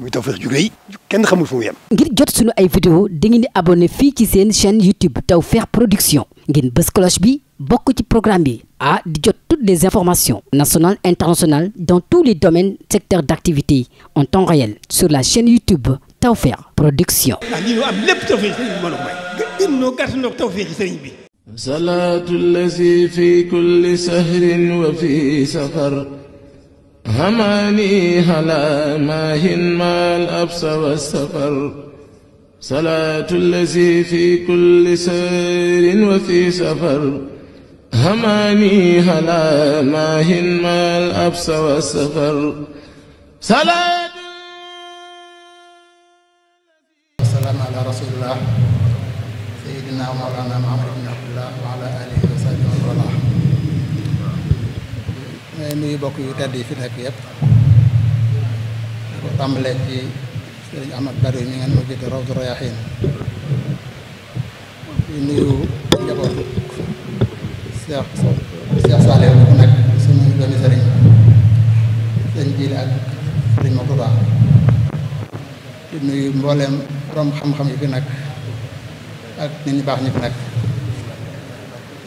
muy Tawfekh ngir jot sunu ay vidéo dangeen di abonné fii ci seen chaîne YouTube Tawfekh Production ngeen bës bi bokk ci programme bi ah di jot toutes les informations nationales internationales dans tous les domaines secteurs d'activité en temps réel sur la chaîne YouTube Tawfekh Production. ah lii am lépp Tawfekh sëriñ bi mën a may. gën هماني هلا ماهن ما الأبس والسفر صلاة الذي في كل سير وفي سفر هماني هلا ماهن ما الأبس والسفر صلاة السلام على رسول الله سيدنا مولانا محمد بن عبد الله وعلى آله وصحبه وسلم nuyu bokk yu tedd yi fi nekk yëpp ko tàmbalee ci sëriñ Ahmad Bari mi ngeen ma jiite Rawdu Rayaahiin di nuyu njabootu Cheikh Cheikh Saliou bu nekk suñu doomi sëriñ sëriñ Jiili ak sëriñ Makuba baax nuyu mbooleem borom xam-xam yi fi nekk ak nit ñu baax ñu fi nekk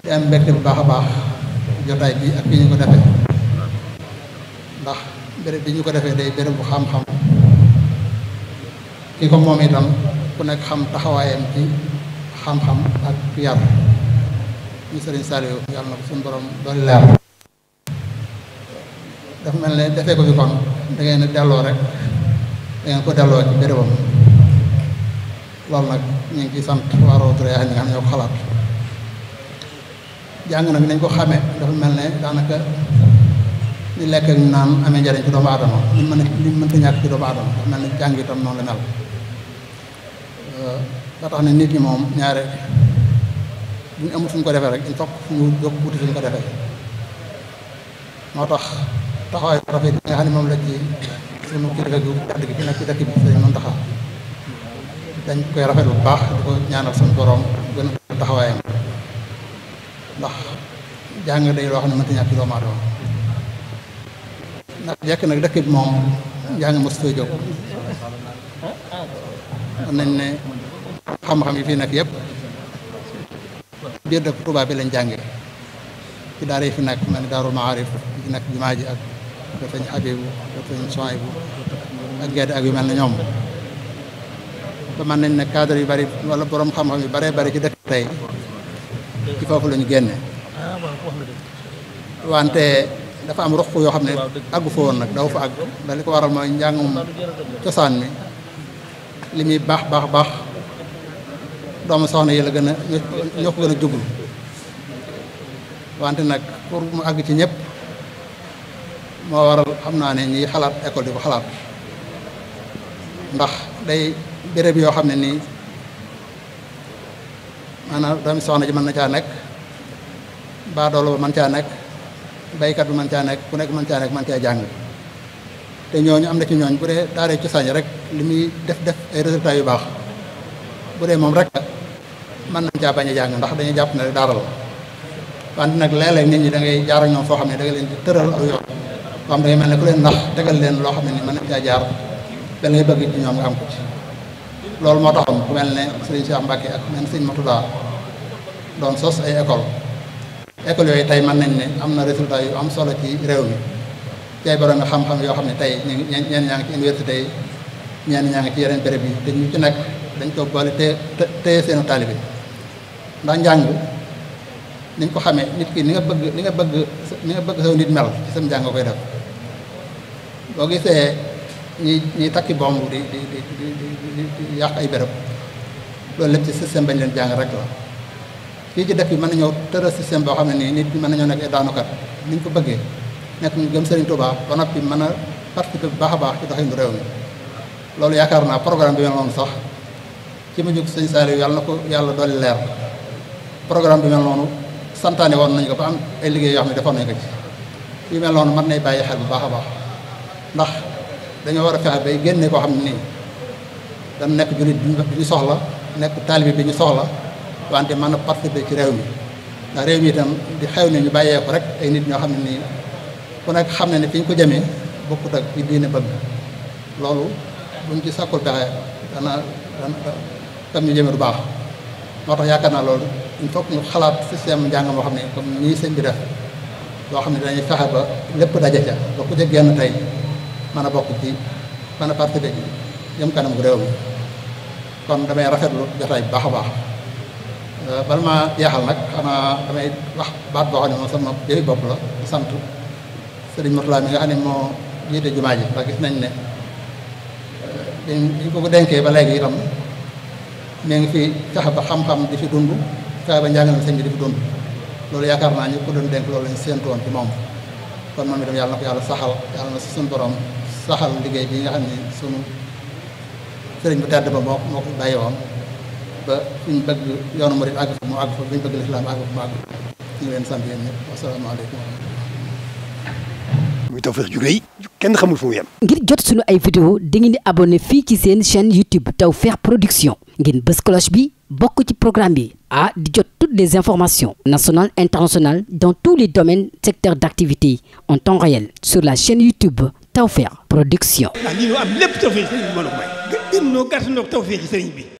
di am mbégte bu baax a baax jotaay bi ak bi ñu ko defee béréb bi ñu ko defee day béréb bu xam-xam ki ko moom itam ku nekk xam taxawaayam ci xam-xam ak yar ñu sëriñ Saliou yàlla na ko suñu borom doon leer dafa mel ne defee ko fi kon da ngeen delloo rek da ngeen ko delloo ci bérébam loolu nag ñu ngi ciy sant waa Rawdu Rayaahin ñi nga xam ñoo xalaat jàng na bi nañ ko xamee dafa mel ne daanaka ci lekk ak naan amee njariñ ci doomu aadama li mën a li mënta ñàkk ci doomu aadama dafa mel ni jàng itam la mel euh, ba tax ne nit ñi moom ñaare bu ñu amul fu ko defee rek il faut que ñu yokk wuti tax taxawaay rafet bi nga xam ne moom la ci suñu kilifa gi tedd gi fi nekk dañ koy rafet bu baax di ko ñaanal suñu borom gën taxawaayam ndax jàng day loo xam ne mënta ñàkk ci doomu aadama ndax jekk nag dëkk bi moom njàng mos fee jóg mën nañ ne xam-xam yi fii nag yëpp biir dëkk Touba bi lañ jànge ci daara yi fi nekk mel ni daarul maarif yi nekk jumaa ji ak kër sëñ Habibu kër sëñ Sohaybu ak gedde ak yu mel na ñoom ba mën nañ ne cadre yu bari wala boroom xam-xam yu baree bari ci dëkk tey ci foofu lañu génne wante dafa am roq yoo xam ne àggu fa woon nag daw fa àgg da li ko waral mooy njàngum cosaan mi li muy baax baax baax doomu soxna yi la gën a ñoo ko gën a jublu wante nag pour mu àgg ci ñëpp moo waral xam naa ne ñuy xalaat école di ko xalaat ndax day béréb yoo xam ne nii maanaam doomi soxna ji mën na caa nekk baadoolo ba mën caa nekk baykat bi mën caa nekk ku nekk mën caa nekk mën caa jàng te ñoo ñu am na ci ñooñ bu dee daaree cosaan yi rek li muy def def ay résultats yu baax bu dee moom rek mën nañ caa bañ a jàng ndax dañuy jàpp ne rek daara la wante nag léeg-léeg nit ñi dangay jaar ñoom soo xam ne da nga leen di tëral aw yoon boo xam da ngay mel ne ku leen ndax tegal leen loo xam ne ni mën nañ caa jaar da ngay bëgg ci ñoom nga am ko ci loolu moo taxoon ku mel ne Serigne Cheikh Mbacke ak mel Serigne Matouda doon sos ay école yooyu tey mën nañ ne am na résultat yu am solo ci réew mi ci ay borom xam-xam yoo xam ne tey ñu ñeen ñaa ngi ci université yi ñeen ñaa ngi ci yeneen béréb yi te ñu ci nekk dañ koo boole te téye seenu taalibe ndax njàng niñ ko xamee nit ki ni nga bëgg ni nga bëgg ni bëgg saw nit mel ci sam njàng koy def boo gisee ñi ñi takki bomb di di di di yàq ay bërëb loolu lépp ci système bañ leen jàng rek la fii ci dëkk bi mën nañoo tëral système boo xam ne nii nit ñi mën nañoo nekk ay daanukat ni ñu ko bëggee nekk ñu gëm Serigne Touba ba noppi mën a participer bu baax a baax ci doxinu réew mi loolu yaakaar naa programme bi mel noonu sax ci ma jóg sëñ Saliou yàlla na ko yàlla dolli leer programme bi mel noonu santaane woon nañu ko ba am ay liggéey yoo xam ne defoon nañu ko ci yu mel noonu mën nay bàyyi xel bu baax a baax ndax dañoo war a fexe bay génne koo xam ne nii dañ nekk jullit bi ñu soxla nekk taalibe bi ñu soxla wante mën a participer ci réew mi ndax réew mi itam di xew ne ñu bàyyeeku rek ay nit ñoo xam ne nii ku nekk xam ne ne fi ñu ko jëmee bokkut ak fi diine bëgg loolu buñ ci sàkkul pexe dana dana tam ñu jëmee du baax moo tax yaakaar naa loolu ñu faut ñu xalaat système njàng moo xam ne comme nii sëñ bi def loo xam ne dañuy fexe ba lépp daje ca ba ku ca génn tey mën a bokk ci mën a participer ci jëm kanam bu réew mi kon damay rafetlu jotaay bu baax a baax Euh, bal ma jeexal nag xanaa damay wax baat boo xam ne moom sama yooyu bopp la sant sëriñ Mourtala mi nga xam ne moo jiite jumaa ji ndax gis nañ ne dañ euh, ko ko denkee ba léegi itam mi ngi fi fexe ba xam-xam di fi dund fexe ba njàngale sëñ bi di fi dund loolu yaakaar naa ñu ko doon denk loolu lañ séentoon ci moom kon moom dem yàlla na ko yàlla saxal yàlla na suñu boroom saxal liggéey bi nga xam ne sunu sëriñ bu tedd ba moo moo ko bàyyi woon ba fi ñu bëgg yoonu murid àgg fa mu àgg muy Tawfekh ju kenn xamul fu mu ngir jot sunu ay vidéo dangeen di abonné fii ci seen chaîne YouTube Tawfekh Production ngeen bës cloche bi bokk ci programme bi ah di jot toutes des informations nationales internationales dans tous les domaines secteurs d'activité en temps réel sur la chaîne YouTube Tawfekh Production. Ah,